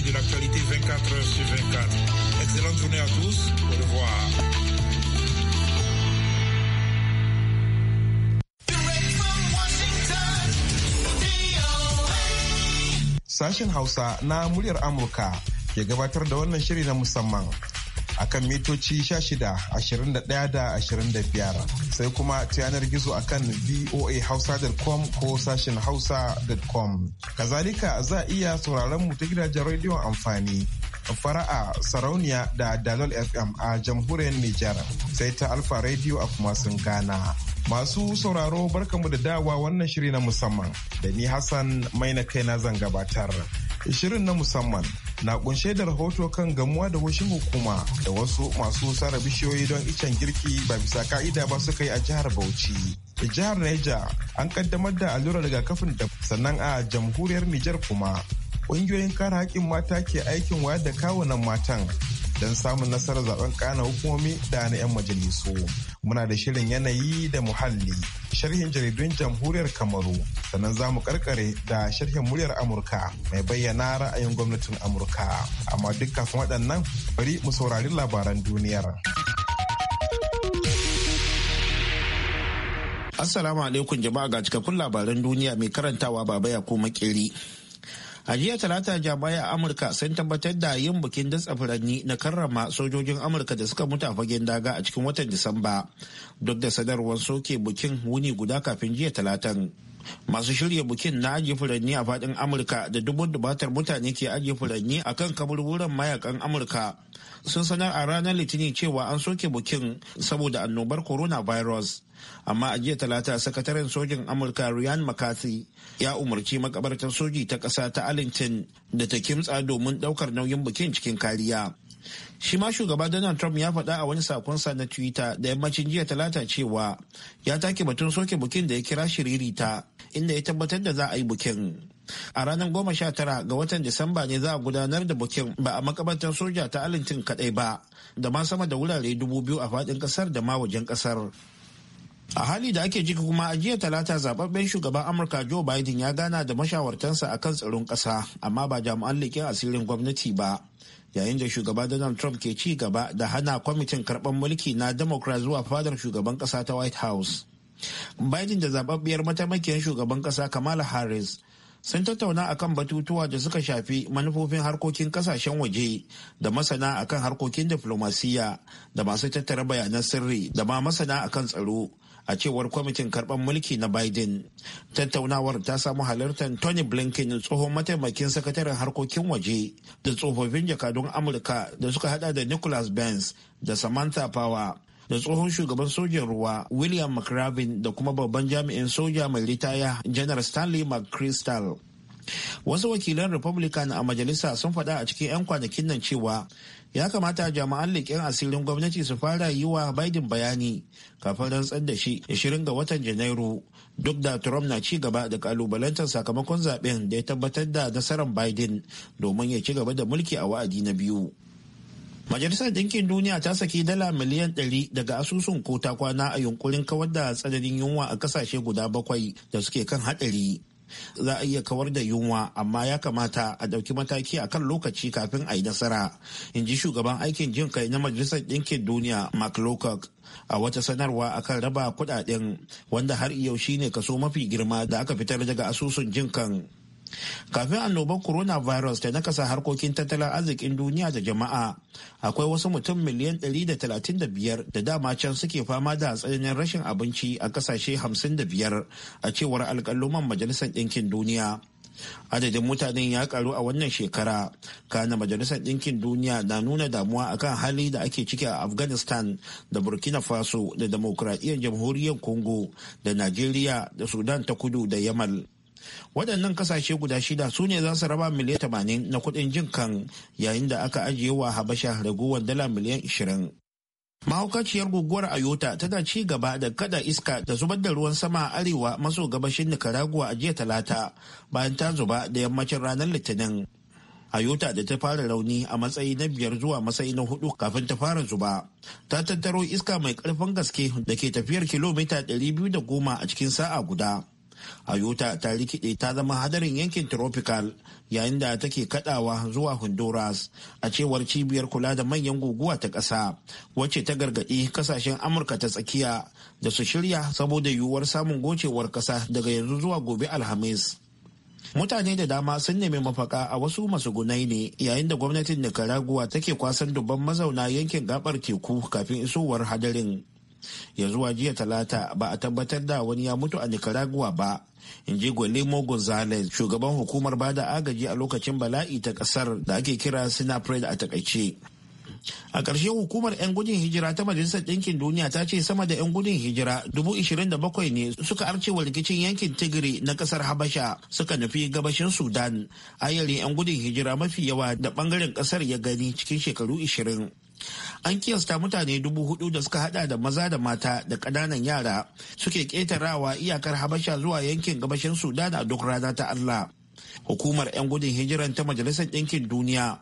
de l'actualité 24 h sur 24. Excellente journée à tous. Au revoir. Sachin Hausa na muryar Amurka ke gabatar da wannan shiri na musamman akan mitoci 16 21 da 25 sai kuma ta yanar gizo akan voahausa.com ko sashen hausa.com kazalika za a iya sauraron mu ta gidajen rediyon amfani fara'a sarauniya da dalol fm a jamhuriyar nijar sai ta alfa radio a kuma sun gana masu sauraro barkamu da dawa wannan shiri na musamman da ni hassan maina na zan gabatar shirin na musamman na kunshe da rahoto kan gamuwa da washin hukuma da wasu masu sara bishiyoyi don icen girki ba bisa ka'ida ba suka yi a jihar bauchi jihar niger an kaddamar da allurar rigakafin da sannan a jamhuriyar niger kuma ƙungiyoyin kare haƙƙin mata ke aikin wayar da kawunan matan don samun nasarar zaben kana hukumomi da na 'yan majalisu. Muna da shirin yanayi da muhalli, sharhin jaridun jamhuriyar Kamaru, sannan za mu karkare da sharhin muryar Amurka mai bayyana ra'ayin gwamnatin Amurka. Amma duk kafin waɗannan bari mu saurari labaran duniyar. Assalamu alaikum jama'a ga cikakkun labaran duniya mai karantawa baba ya ko makeri. a jiya talata jami'ai a amurka sun tabbatar da yin bikin datsa furanni na karrama sojojin amurka da suka mutu a fagen daga a cikin watan disamba duk da sadarwar soke bikin wuni guda kafin jiya talatan masu shirya bukin na ajiye furanni a fadin amurka da dubun dubatar mutane ke ajiye furanni a kan kaburburan mayakan amurka sun sanar a ranar litinin cewa an soke bukin saboda annobar Corona Virus. amma a jiya talata sakataren sojin amurka ryan mccarthy ya umarci makabartar soji ta ƙasa ta arlington da ta kimtsa domin ɗaukar nauyin bukin cikin kariya shi ma shugaba donald trump ya faɗa a wani sakonsa na twitter da yammacin jiya talata cewa ya take batun soke bukin da ya kira shiririta inda ya tabbatar da za a yi bukin a ranar goma sha tara ga watan disamba ne za a gudanar da bukin ba a makabartar soja ta alintin kadai ba da ma sama da wurare dubu biyu a faɗin ƙasar da ma wajen ƙasar a hali da ake jiki kuma a jiya talata zababben shugaban amurka joe biden ya gana da mashawartansa a kan tsaron ƙasa amma ba jami'an leƙen asirin gwamnati ba yayin da shugaba donald trump ke ci gaba da hana kwamitin karɓar mulki na democrat zuwa fadar shugaban ƙasa ta white house biden da zababbiyar mataimakiyar shugaban ƙasa kamala harris sun tattauna akan batutuwa da suka shafi manufofin harkokin kasashen waje da masana akan harkokin diflomasiyya da masu tattara bayanan sirri da ma masana akan tsaro a cewar kwamitin karɓar mulki na biden tattaunawar ta samu halartar tony blinken tsohon mataimakin sakataren harkokin waje da tsofaffin jakadun amurka da suka hada da nicholas benz da samantha power da tsohon shugaban sojan ruwa william mcravin da kuma babban jami'in soja mai ritaya janar stanley mcchrystal wasu wakilan republican a majalisa sun faɗa a cikin 'yan kwanakin nan cewa ya kamata jama'an leƙen asirin gwamnati su fara yi wa biden bayani kafin rantsar da shi 20 ga watan janairu duk da trump na ci gaba da kalubalantar sakamakon zaben da ya tabbatar da nasarar biden domin ya ci gaba da mulki a wa'adi na biyu Majalisar Dinkin Duniya ta saki dala miliyan 100 daga asusun ko ta kwana a yunkurin kawar da tsananin yunwa a kasashe guda bakwai da suke kan haɗari. Za a iya kawar da yunwa amma ya kamata a ɗauki mataki a kan lokaci kafin a yi nasara, in ji shugaban aikin jin kai na Majalisar Dinkin Duniya Mark Lowcock a wata sanarwa a kan raba kuɗaɗen wanda har yau shine kaso mafi girma da aka fitar daga asusun jin kan. kafin annobar coronavirus ta nakasa harkokin tattalin arzikin duniya da jama'a akwai wasu mutum miliyan 135 da dama can suke fama da tsananin rashin abinci a kasashe 55 a cewar alkaloman majalisar ɗinkin duniya adadin mutanen ya karu a wannan shekara kana majalisar ɗinkin duniya na nuna damuwa akan hali da ake ciki a afghanistan da burkina faso da demokradiyyar jamhuriyar congo da najeriya da sudan ta kudu da yamal waɗannan kasashe guda shida su ne za su raba miliyan tamanin na kuɗin jin kan yayin da aka ajiye wa habasha ragowar dala miliyan ishirin mahaukaciyar guguwar ayota tana ci gaba da kada iska da zubar da ruwan sama a arewa maso gabashin nicaragua a jiya talata bayan ta zuba da yammacin ranar litinin ayota da ta fara rauni a matsayi na biyar zuwa matsayi na hudu kafin ta fara zuba ta tattaro iska mai karfin gaske da ke tafiyar kilomita 210 a cikin sa'a guda a yuta ta rikide ta zama hadarin yankin tropical yayin da take kadawa zuwa honduras a cewar cibiyar kula da manyan guguwa ta ƙasa wacce ta gargaɗi kasashen amurka ta tsakiya da su shirya saboda yiwuwar samun gocewar ƙasa daga yanzu zuwa gobe alhamis mutane da dama sun nemi mafaka a wasu masugunai ne yayin da gwamnatin nicaragua take kwasan dubban mazauna yankin gabar teku kafin isowar hadarin ya zuwa jiya talata ba a tabbatar da wani ya mutu a nicaragua ba in ji guillermo gonzalez shugaban hukumar bada agaji a lokacin bala'i ta kasar da ake kira sinapred a takaice a ƙarshe hukumar 'yan gudun hijira ta majalisar ɗinkin duniya ta ce sama da 'yan gudun hijira 27,000 ne suka arcewa rikicin yankin tigiri na ƙasar habasha suka nufi gabashin sudan ayyari 'yan gudun hijira mafi yawa da ɓangaren ƙasar ya gani cikin shekaru 20 an kiyasta mutane dubu hudu da suka hada da maza da mata da ƙananan yara suke ƙetarawa iyakar habasha zuwa yankin gabashin sudan a duk rana ta allah hukumar 'yan gudun hijiran ta majalisar ɗinkin duniya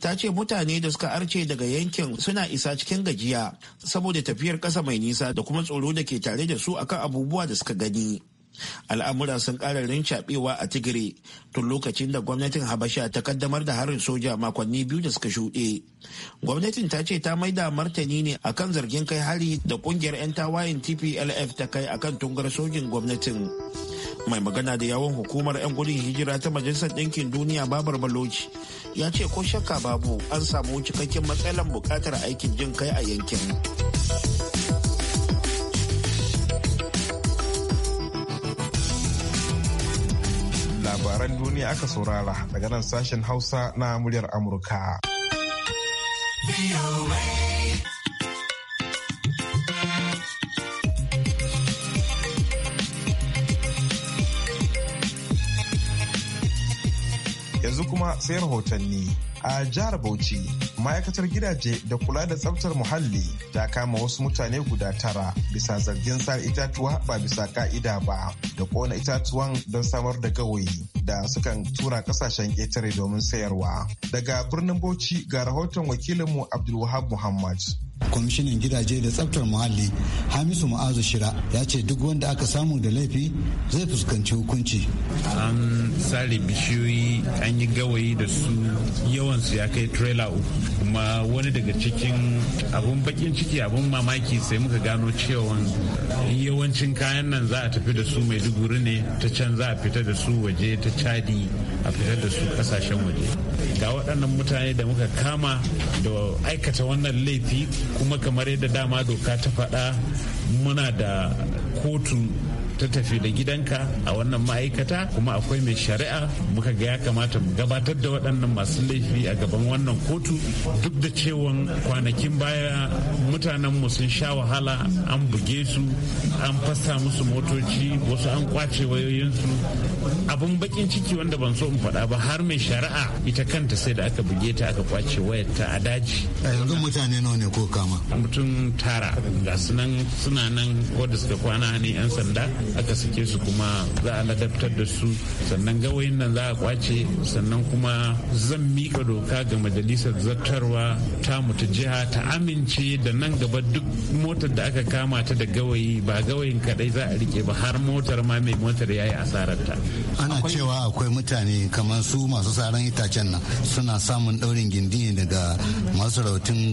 ta ce mutane da suka arce daga yankin suna isa cikin gajiya saboda tafiyar ƙasa mai nisa da kuma tsoro da ke tare da su akan abubuwa da suka gani al'amura sun ƙara rincaɓewa a tigiri tun lokacin da gwamnatin habasha ta kaddamar da harin soja makonni biyu da suka shuɗe gwamnatin ta ce ta maida martani ne akan zargin kai hari da ƙungiyar 'yan tawayen tplf ta kai akan tungar sojin gwamnatin mai magana da yawon hukumar 'yan gudun hijira ta majalisar ɗinkin duniya babar baloci ya ce ko shakka babu an samu cikakken matsalar buƙatar aikin jin kai a yankin labaran duniya aka saurara daga nan sashen Hausa na muryar Amurka. Yanzu kuma sai rahotanni a jihar Bauchi. ma'aikatar gidaje da kula da tsaftar muhalli ta kama wasu mutane guda tara bisa zargin sar itatuwa ba bisa ka'ida ba da kona itatuwan don samar da gawayi da sukan tura kasashen ƙetare domin sayarwa daga birnin bauchi ga rahoton wakilinmu abdulwahab muhammad kwamishinan gidaje da tsaftar muhalli hamisu ma'azu shira ya ce duk wanda aka samu da laifi zai fuskanci hukunci an sare bishiyoyi an yi gawayi da su yawansu ya kai trailer uku kuma wani daga cikin abun bakin ciki abun mamaki sai muka gano cewa yawancin kayan nan za a tafi da su maiduguri ne ta can za a fita da su waje ta chadi a fitar da su kasashen waje ga waɗannan mutane da muka kama da aikata wannan laifi kuma kamar yadda dama doka ta faɗa muna da kotu ta tafi da gidanka a wannan ma'aikata kuma akwai mai shari'a muka ga ya kamata mu gabatar da waɗannan masu laifi a gaban wannan kotu duk da cewan kwanakin baya mutanen mu sun sha wahala an buge su an fasa musu motoci wasu an kwace wayoyinsu abun bakin ciki wanda ban so in faɗa ba har mai shari'a ita kanta sai da aka buge ta aka kwace wayar ta a daji yanzu mutane nawa ne ko kama mutum tara ga sunan suna nan wadda suka kwana ne yan sanda aka sake su kuma za a ladabtar da su sannan gawayin nan za a kwace sannan kuma zan mika doka ga majalisar zartarwa ta mutu jiha ta amince da nan gaba duk motar da aka kama ta da gawayi ba gawayin kadai za a rike ba har motar ma mai motar ya yi asararta ana cewa akwai mutane kamar su masu saran itacen nan suna samun daurin gindini daga masu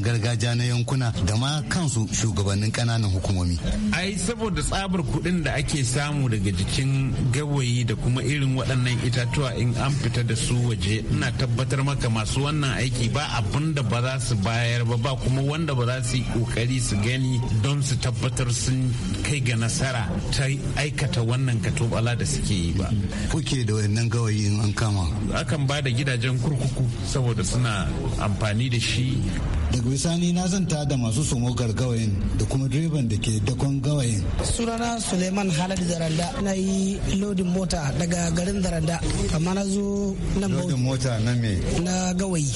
gargajiya na yankuna da ma kansu shugabannin kananan hukumomi ai saboda tsabar kuɗin da ake ake samu daga jikin gawayi da kuma irin waɗannan itatuwa in an fita da su waje ina tabbatar maka masu wannan aiki ba abin da ba za su bayar ba ba kuma wanda ba za su yi kokari su gani don su tabbatar sun kai ga nasara ta aikata wannan katobala da suke yi ba kuke da wannan gawayi in an kama akan ba da gidajen kurkuku saboda suna amfani da shi daga bisani na zanta da masu somokar gawayin da kuma direban da ke dakon gawayin sunana suleiman har alhaji zaranda na yi lodin mota daga garin zaranda amma na zo nan bauchi mota na me na gawayi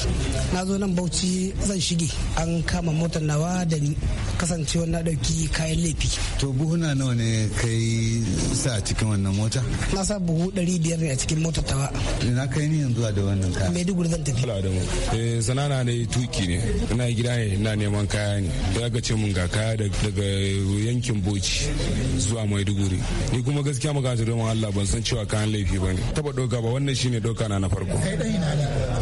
na zo nan bauchi zan shige an kama motar nawa da ni kasancewa na dauki kayan laifi to buhuna nawa ne kai sa a cikin wannan mota na sa buhu 500 ne a cikin motar tawa na kai ni yanzu da wannan kaya maiduguri zan tafi eh sanana ne tuki ne ina gida ne ina neman kaya ne da aka ce mun ga kaya daga yankin bauchi zuwa maiduguri ni kuma gaskiya magana da domin Allah ban san cewa kayan laifi bane taba doka ba wannan shine doka na na farko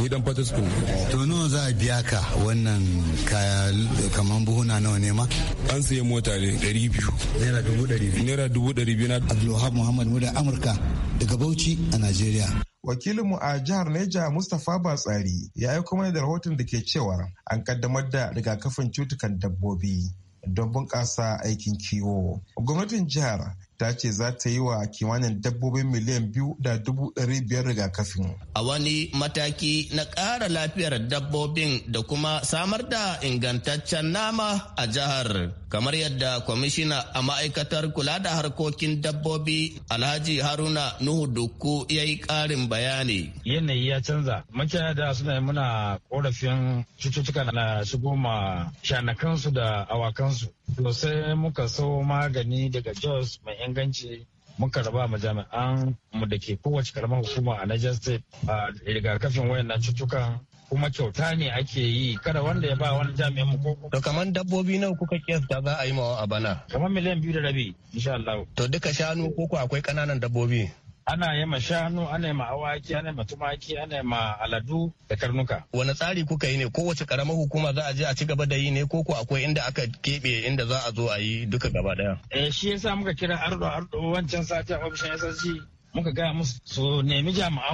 ni dan fata school to nawa za a biya ka wannan kaya kaman buhuna nawa ne ma an saye mota ne 200 naira 200 naira 200 na Abdulwahab Muhammad da Amurka daga Bauchi a Najeriya wakilinmu a jihar Neja Mustapha Batsari ya yi kuma da rahoton da ke cewa an kaddamar da rigakafin cutukan dabbobi don bunƙasa aikin kiwo. Gwamnatin jihar ta ce za ta yi wa kimanin dabbobin miliyan biyu da dubu ɗari biyar rigakafin. A wani mataki na ƙara lafiyar dabbobin da kuma samar da ingantaccen nama a jihar. Kamar yadda kwamishina a ma'aikatar kula da harkokin dabbobi Alhaji Haruna Nuhu Dukku ya yi ƙarin bayani. Yanayi ya canza. Makiyaya da suna muna korafin cututtuka na su goma shanakansu da awakansu. to sai muka so magani daga jos mai inganci muka raba ma jami'an mu da ke kowace karamar hukuma a Niger State a rigakafin wayannan cutukan kuma kyauta ne ake yi kada wanda ya ba wani jami'an mu koko. To kamar dabbobi nawa kuka kiyasta za a yi mawa a bana? Kamar miliyan biyu da rabi insha Allah. To duka shanu koko akwai ƙananan dabbobi? ana yi ma shanu ana yi ma awaki ana yi ma tumaki ana yi ma aladu da karnuka wani tsari kuka yi ne kowace karamar hukuma za a je a ci gaba da yi ne ko ko akwai inda aka keɓe inda za a zo a yi duka gaba daya eh shi yasa muka kira ardo ardo wancan sati ofishin SSG muka gaya musu su nemi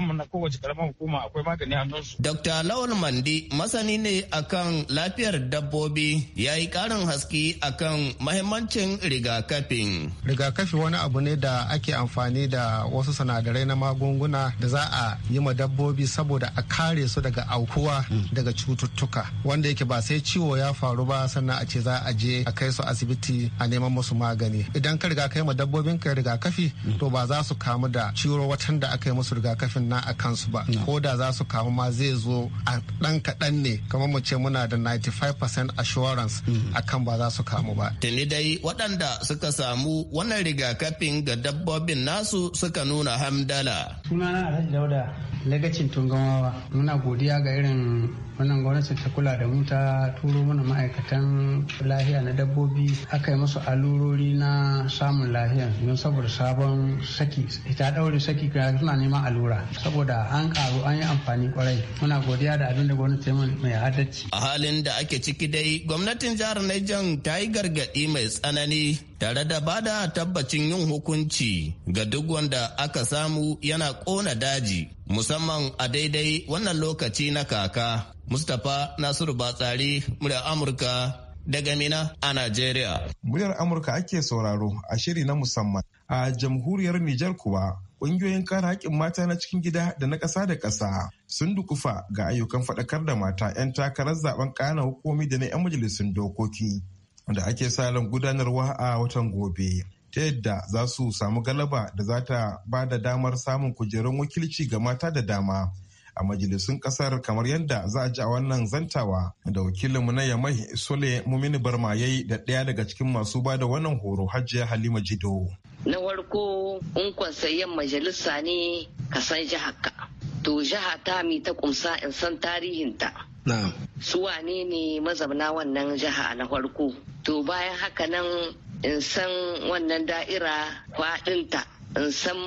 mu na kowace karamar hukuma akwai magani hannunsu. Dr. Lawal Mandi masani ne akan lafiyar dabbobi ya yi karin haske akan mahimmancin rigakafin. Rigakafi wani abu ne da ake amfani da wasu sinadarai na magunguna da za a yi ma dabbobi saboda a kare su daga aukuwa daga cututtuka wanda yake ba sai ciwo ya faru ba sannan a ce za a je a kai su asibiti a neman musu magani. Idan ka riga kai ma dabbobin ka rigakafi to ba za su kamu da ciro ciwo watan da aka yi musu rigakafin na a kansu ba ko da za su kamu ma zai zo a dan kaɗan ne kamar mu ce muna da 95% assurance mm-hmm. akan ba za su kamu ba tuni dai waɗanda suka samu wannan rigakafin ga dabbobin nasu suka nuna hamdala sunana dauda lagacin tungamawa muna godiya ga irin wannan gwamnati ta kula da mu ta turo mana ma'aikatan lahiya na dabbobi aka yi musu alurori na samun lahiya don saboda sabon saki ita daure saki suna neman alura saboda an karu an yi amfani kwarai muna godiya da abin da gwamnati mai adalci a halin da ake ciki dai gwamnatin jihar Niger ta yi gargadi mai tsanani tare da bada tabbacin yin hukunci ga duk wanda aka samu yana ƙona daji musamman a daidai wannan lokaci na kaka. Mustapha Nasiru Batsari, murya Amurka daga Mina a Najeriya. Muryar Amurka ake sauraro a shiri na musamman. A jamhuriyar Nijar kuwa ƙungiyoyin kare haƙƙin mata na cikin gida da na ƙasa da ƙasa sun dukufa ga ayyukan faɗakar da mata 'yan takarar zaben ƙana hukumi da na 'yan majalisun dokoki. da ake salon gudanarwa a watan gobe ta yadda za su samu galaba da za ta ba da damar samun kujerun wakilci ga mata da dama a majalisun kasar kamar yadda za a ji a wannan zantawa da wakilinmu na yamai sole mumini barma da ɗaya daga cikin masu ba da wannan horo hajiya halima jido na warko in majalisa ne ka san jihaka to jiha ta mi ta kumsa in san tarihinta su wane ne mazabna wannan jiha na farko to bayan haka nan in san wannan da'ira kwaɗinta in san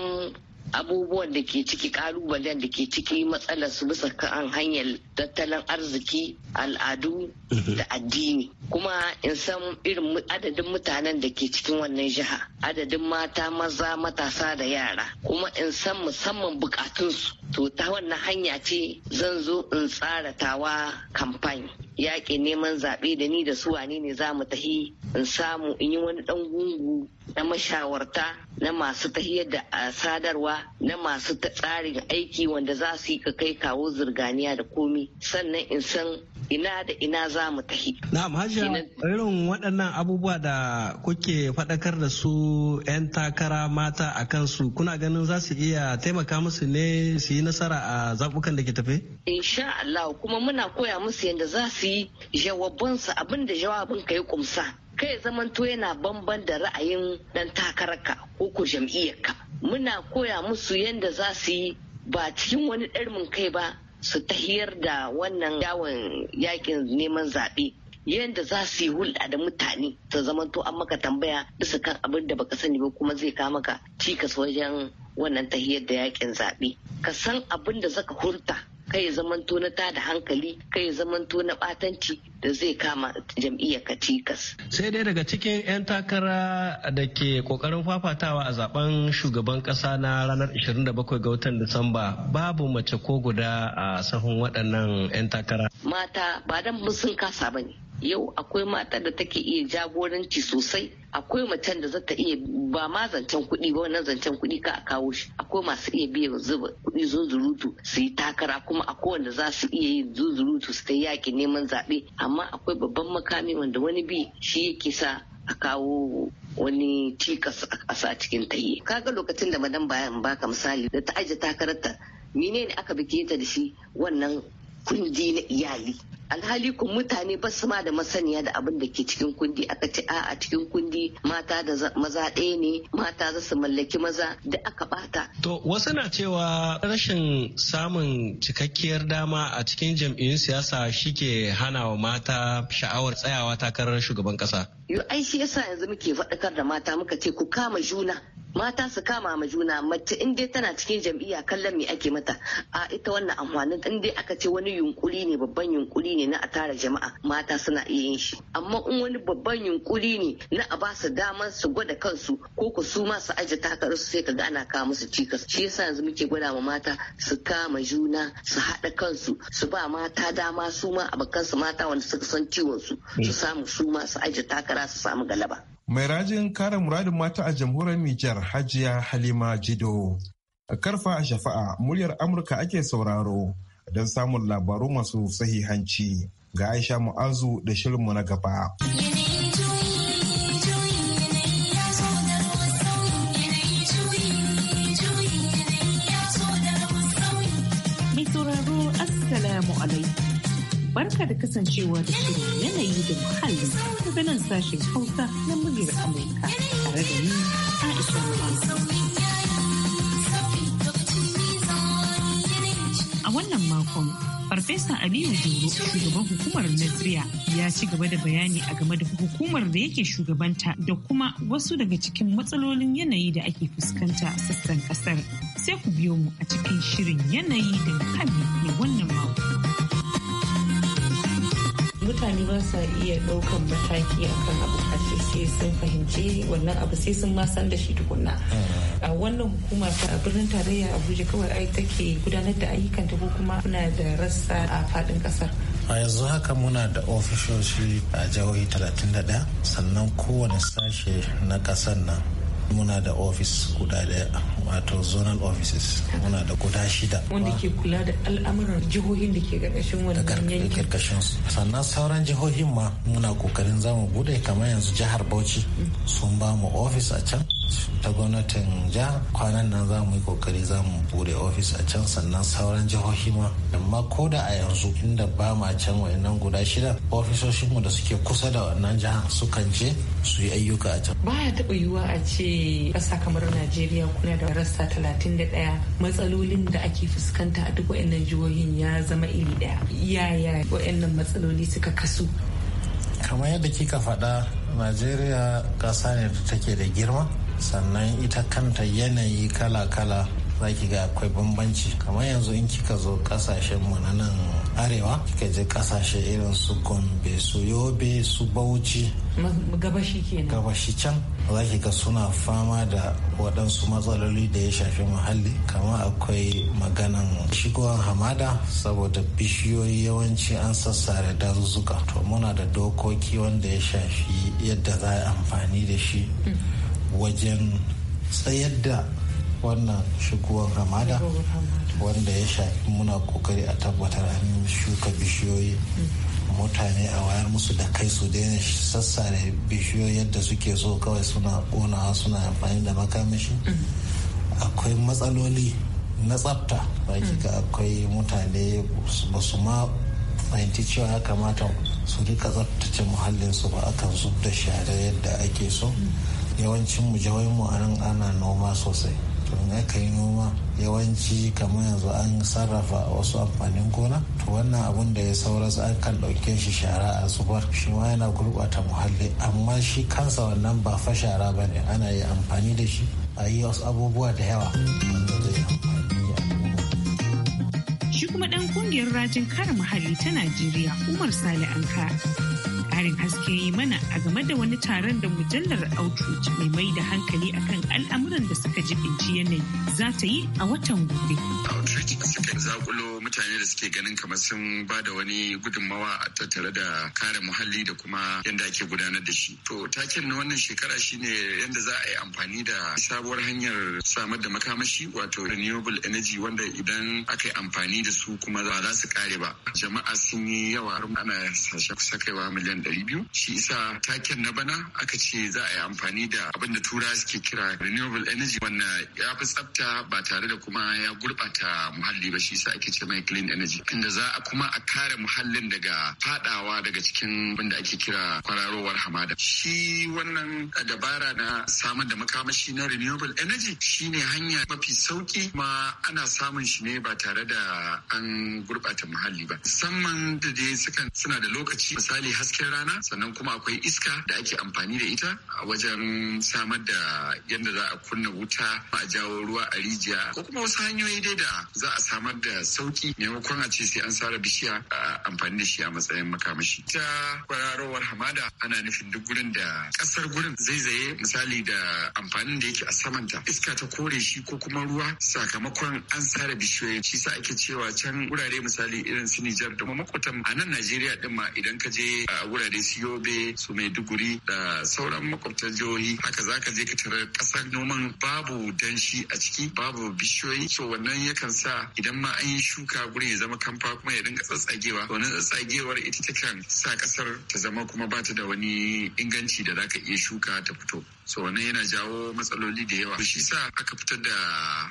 abubuwan da ke ciki kalubalen da ke ciki matsalar su bisa kan hanyar tattalin arziki al'adu mhm. da addini kuma in san irin adadin mutanen da ke cikin wannan jiha adadin mata maza matasa da yara kuma in san musamman bukatunsu to ta wannan hanya ce zan zo in tsara tawa kamfani yaƙi neman zaɓe da ni da su Wanene ne za mu tahi in samu in yi wani ɗan gungu na mashawarta na masu tahiyar da sadarwa na masu tsarin aiki wanda za su yi kai kawo zirganiya da komi sannan in san ina da ina za mu tafi. Na'am hajiya irin waɗannan abubuwa da kuke faɗakar da su 'yan takara mata a kansu kuna ganin za su iya taimaka musu ne su yi nasara a zaɓukan da ke tafe? Insha Allah kuma muna koya musu yadda za su yi jawabansu abin da jawabin ka yi kumsa. Kai zamanto yana bamban da ra'ayin ɗan takararka ko ko jam'iyyarka. Muna koya musu yadda za su yi ba cikin wani ɗarmin kai ba su tahiyar da wannan yawon yakin neman zaɓe yadda za su yi hulɗa da mutane ta to an maka tambaya bisa kan abin da baka sani ba kuma zai kama ka cikas wajen wannan tahiyar da yakin zaɓe ka san abin da zaka hurta kai zaman zamanto na tada hankali kai zaman zamanto na batanci da zai kama jam'iyyar katikas. sai dai daga cikin 'yan takara da ke kokarin fafatawa a zaben shugaban kasa na ranar 27 ga watan disamba babu mace ko guda a sahun waɗannan 'yan takara mata ba dan sun kasa ba ne yau akwai matar da take iya jagoranci sosai akwai macen da zata iya ba ma zancen kuɗi ba wannan zancen kuɗi ka a kawo shi akwai masu iya biyan zuba kuɗi zurutu su yi takara kuma akwai wanda za su iya yin zurutu su ta yaƙi neman zaɓe amma akwai babban makami wanda wani bi shi yake sa a kawo wani cikas a sa cikin yi kaga lokacin da madan bayan baka misali da ta aje takararta menene aka bikin ta da shi wannan kundi na iyali alhali kun mutane ba su ma da masaniya da abin da ke cikin kundi aka ce a a cikin kundi mata da maza ɗaya ne mata za su mallaki maza da aka bata. To wasu na cewa rashin samun cikakkiyar dama a cikin jam'iyyun siyasa shike hana wa mata sha'awar tsayawa takarar shugaban kasa. Yo ai shi yasa yanzu muke faɗakar da mata muka ce ku kama juna mata su kama ma juna mace in dai tana cikin jam'iyya kallon me ake mata a ita wannan amfanin in dai aka ce wani yunkuri ne babban yunkuri ne na a tara jama'a mata suna iya yin shi amma in wani babban yunkuri ne na a ba su damar su gwada kansu ko ku su ma su aje takarar su sai ka ga ana kawo musu cikas shi yasa yanzu muke gwada ma mata su kama juna su haɗa kansu su ba mata dama su ma abokan su mata wanda suka san ciwon su su samu su ma su aje takara su samu galaba mai rajin kare muradin mata a jamhuriyar Nijar Hajiya Halima Jido. Karfa a shafa'a muryar Amurka ake sauraro don samun labaru masu sahihanci ga Aisha Mu'azu da shirinmu na gaba. Barka da kasancewa da shirin yanayi da muhalli daga nan sashen Hausa na A wannan makon Farfesa Aliyu Doro, shugaban hukumar Najeriya, ya ci gaba da bayani a game da hukumar da yake shugabanta da kuma wasu daga cikin matsalolin yanayi da ake fuskanta a sassan kasar. Sai ku biyo mu a cikin shirin yanayi da muhalli ne wannan makon. Mutane ba sa iya ɗaukan mataki akan abu sai sun fahimci wannan abu sai sun ma san da shi tukunna a wannan hukuma ta birnin tarayya abuja kawai ai take gudanar da ayyukanta ko kuma muna da rassa a faɗin ƙasar a yanzu haka muna da ofishoshi a jihohi 31 sannan kowane sashe na kasar nan muna da ofis guda daya wato zonal offices muna da guda shida wanda ke kula da al'amuran jihohin da ke karkashin wannan yanki sannan sauran jihohin ma muna kokarin zamu bude kamar yanzu jihar Bauchi mm. sun ba mu office a can ta gwamnatin ja kwanan nan za mu yi kokari za mu bude ofis a can sannan sauran jihohi ma amma ko da a yanzu inda ba ma can wayannan guda shida ofisoshinmu da suke kusa da wannan jihar sukan je su yi ayyuka a can baya taɓa yiwuwa a ce Kasa kamar najeriya kuna da da rassa 31 matsalolin da ake fuskanta a duk waɗannan jihohin ya zama iri ɗaya yaya waɗannan matsaloli suka kasu kamar yadda kika faɗa najeriya ƙasa ne da take da girma sannan ita kanta yanayi kala-kala za ki ga akwai bambanci kamar yanzu in kika zo ƙasashenmu na nan arewa kika je kasashe irin su gombe su yobe su bauchi gabashi kenan gabashi can za ga suna fama da waɗansu matsaloli da ya shafi muhalli kama akwai maganan shigowar hamada saboda bishiyoyi yawanci an sassare dazuzzuka to muna da dokoki wanda ya shafi yadda za a amfani da shi mm. wajen tsayar da wannan shigowar hamada wanda ya shafi muna kokari a tabbatar an shuka bishiyoyi mutane a wayar musu da kai su daina sassare bishiyoyi yadda suke so kawai suna konawa suna amfani da makamashi akwai matsaloli na tsafta ga akwai mutane ba su ma fahimci cewa ya kamata su rika tsaftace muhallinsu ba akan zub da share yadda ake so yawancin mu jawai mu a nan ana noma sosai to in aka yi noma yawanci kamar yanzu an sarrafa wasu amfanin gona to wannan abun da ya saura an kan ɗauke shi shara a zubar shi ma yana gurɓata muhalli amma shi kansa wannan ba fa shara ba ne ana yi amfani da shi a yi wasu abubuwa da yawa shi kuma ɗan ƙungiyar rajin kare muhalli ta najeriya umar sale anka karin haske yi mana a game da wani taron da mujallar outreach mai mai da hankali akan al'amuran da suka jibinci yanayi za ta yi a watan gobe. outreach suka zakulo mutane da suke ganin kamar sun ba da wani gudunmawa a tattare da kare muhalli da kuma yadda ake gudanar da shi to taken na wannan shekara shine yadda za a yi amfani da sabuwar hanyar samar da makamashi wato renewable energy wanda idan aka yi amfani da su kuma ba za su kare ba jama'a sun yi yawa ana sashe kusa kaiwa miliyan ɗari biyu shi isa taken na bana aka ce za a yi amfani da abin da tura suke kira renewable energy wanda ya fi tsafta ba tare da kuma ya gurɓata muhalli ba shi isa ake ce mai clean energy inda za a kuma a kare muhallin daga fadawa daga cikin abin da ake kira kwararowar hamada shi wannan dabara na samar da makamashi na renewable energy shi ne hanya mafi sauki ma ana samun shi ne ba tare da an gurɓata muhalli ba musamman da dai suna da lokaci misali hasken rana sannan kuma akwai iska da ake amfani da ita a wajen samar da yadda za a kunna wuta a jawo ruwa a rijiya ko kuma wasu hanyoyi dai da za a samar da sauki maimakon a ce sai an sare bishiya a amfani da shi a matsayin makamashi ta kwararowar hamada ana nufin duk gurin da kasar gurin zaizaye misali da amfanin da yake a samanta iska ta kore shi ko kuma ruwa sakamakon an sare bishiyoyi shi sa ake cewa can wurare misali irin su Nijar da makwatan a nan Najeriya din ma idan ka je a wurare su yobe su maiduguri da sauran makwabtar jihohi haka zaka je ka tarar kasar noman babu danshi a ciki babu bishiyoyi so wannan yakan sa idan ma an yi shuka gurin ya zama kamfa kuma ya dinga tsatsagewa wannan tsatsagewar ita takan sa kasar ta zama kuma bata da wani inganci da zaka iya shuka ta fito so wannan yana jawo matsaloli da yawa shi sa aka fitar da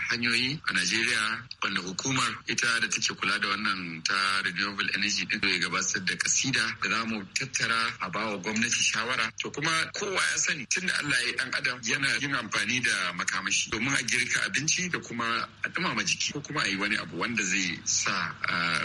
hanyoyi a Najeriya wanda hukumar ita da take kula da wannan ta renewable energy din ya gabatar da kasida da za mu tattara a bawa gwamnati shawara to kuma kowa ya sani tun da Allah ya yi dan adam yana yin amfani da makamashi domin a girka abinci da kuma a dumama jiki ko kuma a yi wani abu wanda zai sa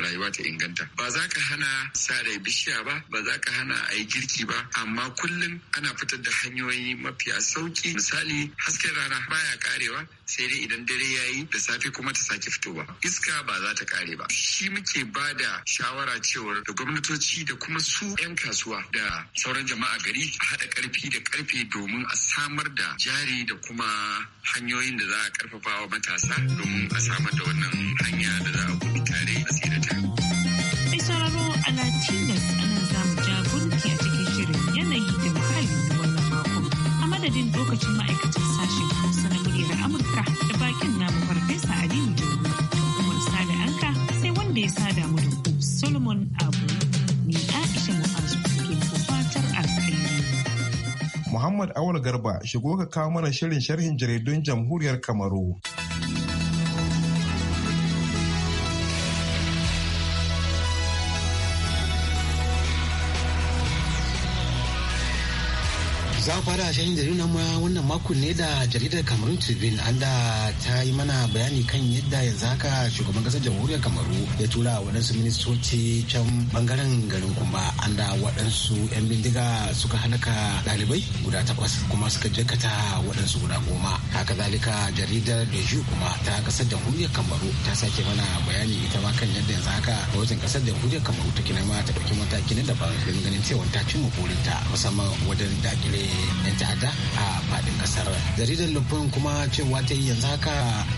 rayuwa ta inganta ba za ka hana sare bishiya ba ba za ka hana a yi girki ba amma kullum ana fitar da hanyoyi mafiya a sauki misali hasken rana baya karewa sai dai idan dare ya yi da safe kuma ta sake fitowa iska ba za ta kare ba shi muke ba da shawara cewar da gwamnatoci da kuma su 'yan kasuwa da sauran jama'a gari a haɗa ƙarfi da ƙarfe domin a samar da jari da kuma hanyoyin da za a ƙarfafa wa matasa domin a samar da wannan hanya da za a gudu tare a tsira ta. Mai a Latinas ana zamu cikin lokacin ma'aikacin sashen Hausa na muryar Amurka da bakin namu Farfesa Aliyu Jauro. Umar Sada Anka sai wanda ya sada mu da ku Solomon Abu ni Aisha Mu'azu ke fatar alkhairi. Muhammad Awal Garba shigo ka kawo mana shirin sharhin jaridun Jamhuriyar Kamaru. za mu fara shayin jaridar mu wannan makon ne da jaridar Cameroon Tribune an da ta yi mana bayani kan yadda yanzu haka shugaban kasar jamhuriyar Kamaru ya tura waɗansu ministoci can bangaren garin kuma an da waɗansu 'yan bindiga suka halaka ɗalibai guda takwas kuma suka jakata waɗansu guda goma. Haka zalika jaridar Deju kuma ta kasar jamhuriyar Kamaru ta sake mana bayani ita ma kan yadda yanzu haka gwamnatin kasar jamhuriyar Kamaru ta kina ma ta ɗauki mataki na daban don ganin cewa ta cimma burinta musamman wajen dakile na jada a faɗin kasar jaridar lupin kuma cewa ta yi yanzu haka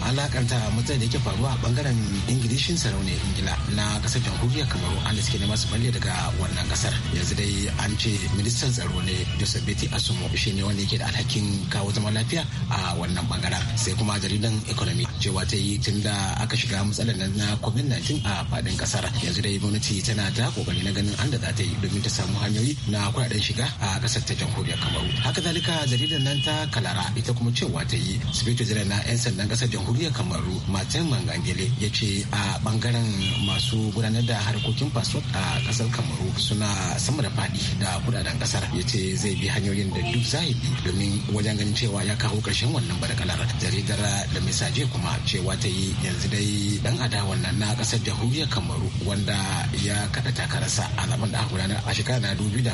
alakanta mutum da ke faruwa a bangaren ingilishin sarauniyar ingila na kasar jamhuriyar kamaru an da suke neman su balle daga wannan kasar yanzu dai an ce ministan tsaro ne joseph beti asumo shi ne wanda yake da alhakin kawo zaman lafiya a wannan bangaren sai kuma jaridar economy cewa ta yi tun da aka shiga matsalar nan na covid-19 a fadin kasar yanzu dai gwamnati tana da kokari na ganin an da za ta yi domin ta samu hanyoyi na kudaden shiga a kasar ta jamhuriyar kamaru haka zalika jaridar nan ta kalara ita kuma cewa ta yi sufeto janar na 'yan sandan kasar jamhuriyar kamaru martin mangangele ya ce a bangaren masu gudanar da harkokin fasfot a kasar kamaru suna sama da faɗi da kudaden kasar ya ce zai bi hanyoyin da duk zai bi domin wajen ganin cewa ya kawo karshen wannan barakalar jaridar da misaje kuma cewa ta yi yanzu dai dan ada wannan na kasar jamhuriyar kamaru wanda ya kada takararsa a zaman da a gudanar a shekara na 2018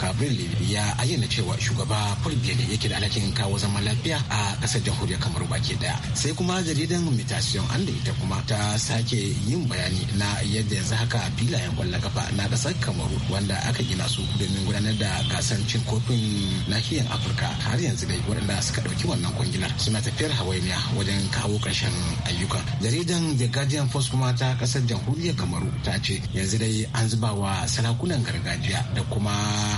kafin ya bayyana cewa shugaba Paul Biya ne yake da alhakin kawo zaman lafiya a kasar jamhuriyar Kamaru baki daya. Sai kuma jaridan Mutation an da ita kuma ta sake yin bayani na yadda yanzu haka filayen kwallon kafa na kasar Kamaru wanda aka gina su domin gudanar da gasar cin kofin nahiyar Afirka har yanzu dai waɗanda suka ɗauki wannan kwangilar suna tafiyar hawainiya wajen kawo ƙarshen ayyukan. Jaridan The Guardian Post kuma ta kasar jamhuriyar Kamaru ta ce yanzu dai an zuba wa sarakunan gargajiya da kuma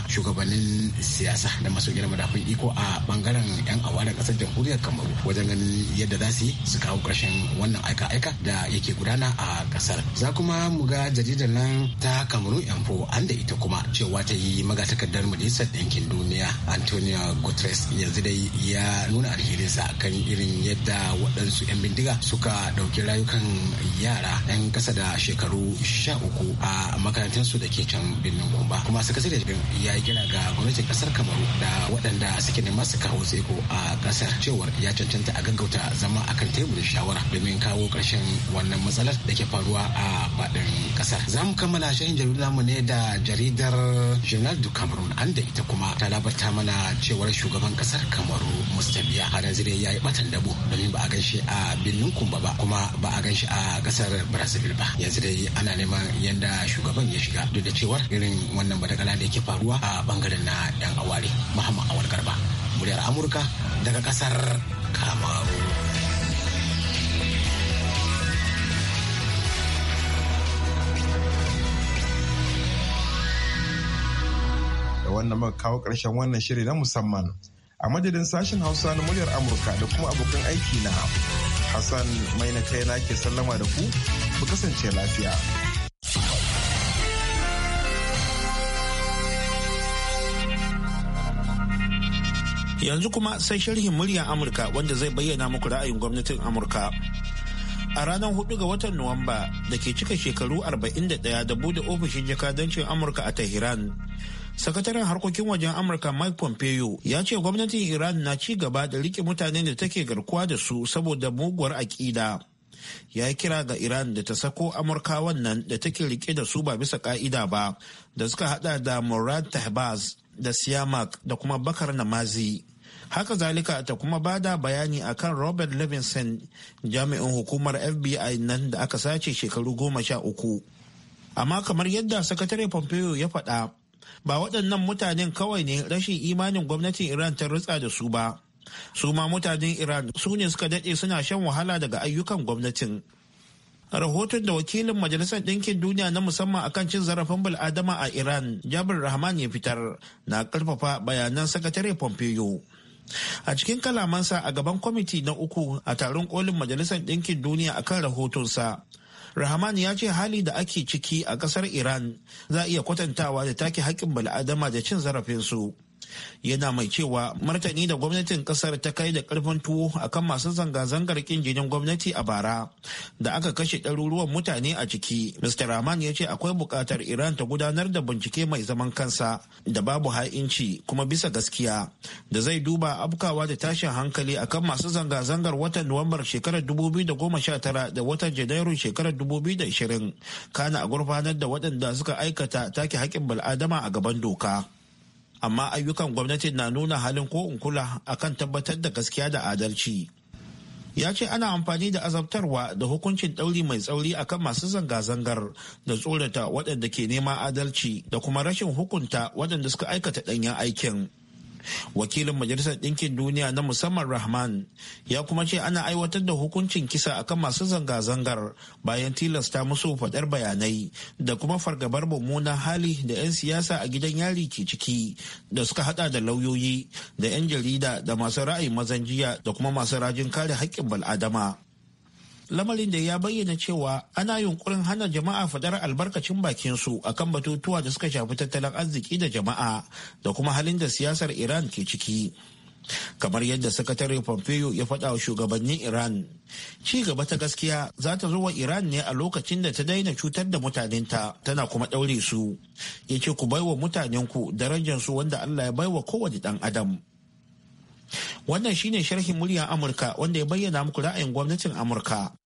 shugabannin siyasa da masu girma dafin iko a bangaren 'yan awa da kasar jamhuriyar kamaru wajen ganin yadda za su yi su kawo ƙarshen wannan aika-aika da yake gudana a kasar za kuma mu ga jaridar nan ta kamaru yanfo an da ita kuma cewa ta yi magatakardar majalisar ɗinkin duniya antonio guterres yanzu dai ya nuna alherinsa kan irin yadda waɗansu 'yan bindiga suka ɗauki rayukan yara 'yan ƙasa da shekaru sha uku a makarantarsu da ke can birnin kuma kuma sakatare ya yi kira ga gwamnatin ƙasar kasar kamaru da waɗanda suke neman su kawo tseko a kasar cewar ya cancanta a gaggauta zama a akan teburin shawara domin kawo ƙarshen wannan matsalar da ke faruwa a faɗin kasar za mu kammala shahin jarida mu ne da jaridar journal du cameroon an da ita kuma ta labarta mana cewar shugaban kasar kamaru mustabiya har yanzu Zire ya yi batan dabo domin ba a ganshi a birnin kumba ba kuma ba a ganshi a kasar brazil ba yanzu dai ana neman yanda shugaban ya shiga duk da cewar irin wannan badakala da yake faruwa a bangaren na yan aware muhammad Awar garba muryar amurka daga kasar kamaru da wannan muka kawo ƙarshen wannan shiri na musamman a madadin sashen hausa na muryar amurka da kuma abokan aiki na hassan mai na kai na ke sallama da ku ku kasance lafiya. Yanzu kuma sai sharhin muryar Amurka wanda zai bayyana muku ra'ayin gwamnatin Amurka. A ranar 4 ga watan Nuwamba da ke cika shekaru 41 da bude ofishin jakadancin Amurka a Tehran. Sakataren harkokin wajen Amurka Mike Pompeo ya ce gwamnatin Iran na ci gaba da rike mutanen da take garkuwa da su saboda muguwar aƙida. ya yi kira ga Iran da ta sako amurka wannan da take rike da su ba bisa ka'ida ba da suka hada da Murad Tahbaz da Siyamak da kuma Bakar Namazi. haka zalika ta kuma bada bayani akan robert livingston jami'in hukumar fbi nan da aka sace shekaru goma sha uku amma kamar yadda sakatare pompeo ya faɗa ba waɗannan mutanen kawai ne rashin imanin gwamnatin iran ta rutsa da su ba su ma mutanen iran su ne suka daɗe suna shan wahala daga ayyukan gwamnatin rahoton da wakilin majalisar ɗinkin duniya na musamman akan cin zarafin bil'adama a iran jabir rahman ya fitar na karfafa bayanan sakatare pompeo a cikin kalamansa a gaban kwamiti na uku a taron kolin majalisar ɗinkin duniya a akan rahotonsa rahman ya ce hali da ake ciki a ƙasar iran za a iya kwatantawa da take haƙƙin bala'adama da cin zarafinsu yana mai cewa martani da gwamnatin kasar ta kai da karfin tuwo akan masu zanga-zangar kin jinin gwamnati a bara da aka kashe ɗaruruwan mutane a ciki mr rahman ya ce akwai buƙatar iran ta gudanar da bincike mai zaman kansa da babu ha'inci kuma bisa gaskiya da zai duba afkawa da tashin hankali akan masu zanga-zangar watan nuwambar shekarar 2019 da watan janairun shekarar 2020 kana a gurfanar da waɗanda suka aikata take haƙƙin bal'adama a gaban doka. amma ayyukan gwamnati na nuna halin ko in kula akan tabbatar da gaskiya da adalci ya ce ana amfani da azabtarwa da hukuncin ɗauri mai tsauri akan masu zanga-zangar da tsorata waɗanda ke neman adalci da kuma rashin hukunta waɗanda suka aikata ɗanyen aikin wakilin majalisar ɗinkin duniya na musamman rahman ya kuma ce ana aiwatar da hukuncin kisa akan masu zanga-zangar bayan tilasta musu faɗar bayanai da kuma fargabar mummunan hali da 'yan siyasa a gidan yari ke ciki da suka hada da lauyoyi da 'yan jarida da masu ra'ayi mazan jiya da kuma masu rajin kare haƙƙin bal'adama lamarin da ya bayyana cewa ana yunkurin hana jama'a fadar albarkacin bakinsu akan batutuwa da suka shafi tattalin arziki da jama'a da kuma halin da siyasar iran ke ciki kamar yadda sakatare pompeo ya faɗa wa shugabannin iran ci gaba ta gaskiya za ta zo wa iran ne a lokacin da ta daina cutar da mutanenta tana kuma ɗaure su ya ce ku baiwa mutanenku darajarsu wanda allah ya baiwa kowane ɗan adam wannan shine sharhin muryar amurka wanda ya bayyana muku ra'ayin gwamnatin amurka